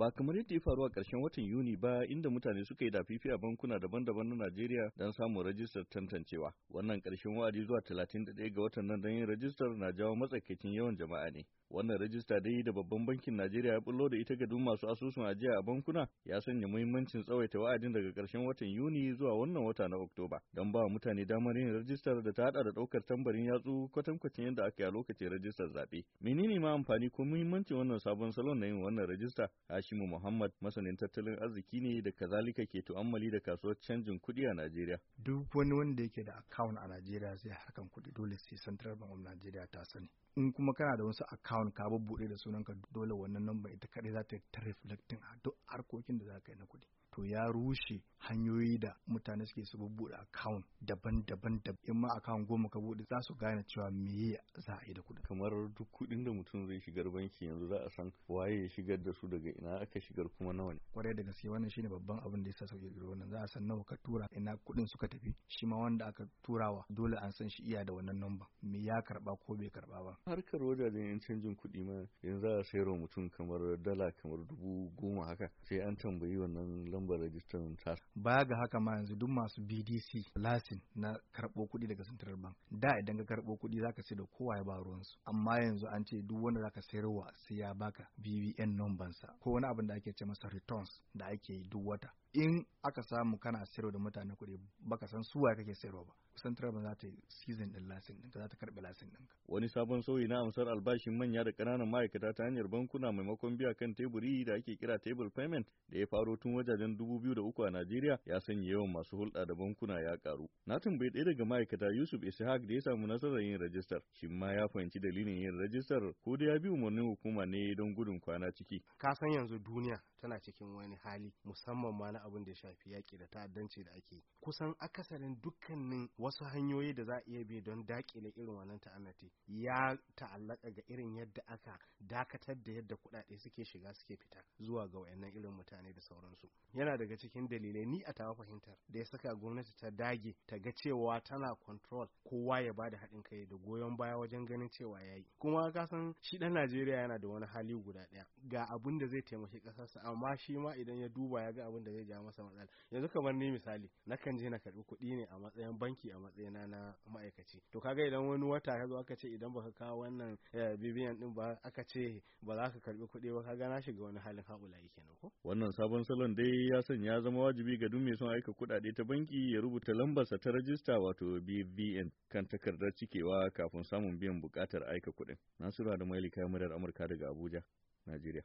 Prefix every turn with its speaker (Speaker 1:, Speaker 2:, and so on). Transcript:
Speaker 1: Ba kamar yadda ya faru a ƙarshen watan Yuni ba inda mutane suka yi dafifi a bankuna daban-daban na Najeriya don samun rajistar tantancewa. Wannan ƙarshen wa'adi zuwa 31 ga watan nan don yin rajistar na jawo matsakaicin yawan jama'a ne. Wannan rajista dai da babban bankin Najeriya ya bullo da ita ga duk masu asusun ajiya a bankuna ya sanya muhimmancin tsawaita wa'adin daga ƙarshen watan Yuni zuwa wannan wata na Oktoba don ba mutane damar yin rajistar da ta hada da ɗaukar tambarin yatsu kwatankwacin yadda aka yi a lokacin rajistar zaɓe. Menene ma amfani ko muhimmancin wannan sabon salon na yin wannan rajista? Hakimu Muhammad masanin tattalin arziki ne da kazalika ke tu'ammali da kasuwar canjin kuɗi a Najeriya.
Speaker 2: Duk wani wanda yake da akawun a Najeriya zai harkan kuɗi dole sai Central Bank of Nigeria ta sani. In kuma kana da wasu akawun ka bubbuɗe da sunanka dole wannan number ita kaɗai za ta ta reflecting a duk harkokin da za ka yi na kuɗi. To ya rushe hanyoyi da mutane suke su bubbuɗe akawun daban-daban da in ma account goma ka bude za su gane cewa me za a yi da kuɗi.
Speaker 1: Kamar duk kuɗin da mutum zai shigar banki yanzu za a san waye ya shigar da su daga ina aka shigar kuma nawa ne
Speaker 2: kwarai da gaske wannan shine babban abin da yasa sauke gari wannan za a san nawa ka tura ina kuɗin suka tafi shi ma wanda aka turawa dole an san shi iya da wannan namba me ya karba ko bai karba ba
Speaker 1: harkar wajajen yan canjin kuɗi ma yanzu za a sayarwa mutum kamar dala kamar dubu goma haka sai an tambayi wannan lambar rajistar ta
Speaker 2: baya ga haka ma yanzu duk masu BDC lasin na karɓo kuɗi daga Central Bank da idan ka karɓo kuɗi zaka sai da kowa ya ba ruwansu amma yanzu an ce duk wanda zaka sayarwa sai ya baka BVN numbansa ko wani abin da ake ce masa returns da ake yi duk wata in aka samu kana sayarwa da mutane kuɗi baka san su kake sayarwa ba kusan tara za ta yi season din lasin ɗinka za ta karɓi lasin ɗinka.
Speaker 1: wani sabon sauyi na amsar albashin manya da ƙananan ma'aikata ta hanyar bankuna maimakon biya kan teburi da ake kira table payment da ya faro tun wajajen dubu biyu da uku a najeriya ya sanya yawan masu hulɗa da bankuna ya ƙaru na tambayi ɗaya daga ma'aikata yusuf ishaq da ya samu nasarar yin rajistar shin ma ya fahimci dalilin yin rajistar ko da ya bi umarnin hukuma ne don gudun kwana ciki. ka yanzu
Speaker 3: duniya tana cikin wani hali musamman ma na abin da ya shafi yaƙi da ta'addanci da ake kusan akasarin dukkanin wasu hanyoyi da za a iya bi don daƙile irin wannan ta'annati ya ta'allaka ga irin yadda aka dakatar da yadda kuɗaɗe suke shiga suke fita zuwa ga wayannan irin mutane da sauransu yana daga cikin dalilai ni a tawa fahimtar da ya saka gwamnati ta dage ta ga cewa tana control kowa ya bada haɗin kai da goyon baya wajen ganin cewa yayi kuma ka san shi ɗan Najeriya yana da wani hali guda ɗaya ga abin da zai taimaka taimaki kasarsa amma shi ma idan ya duba ya ga abin da zai ja masa matsala yanzu kamar ni misali nakan je na karbi kuɗi ne a matsayin banki a matsayina na ma'aikaci to kaga idan wani wata ya zo aka ce idan baka kawo wannan eh, bibiyan din ba aka ce ba za ka karbi kuɗi ba kaga na shiga wani halin haƙula kenan
Speaker 1: ko wannan sabon salon dai ya sanya ya zama wajibi ga duk mai son aika kuɗaɗe ta banki ya rubuta lambarsa ta rajista wato bbn kan takardar cikewa kafin samun biyan buƙatar aika kuɗin Nasiru da Maili kayan murar Amurka daga Abuja Najeriya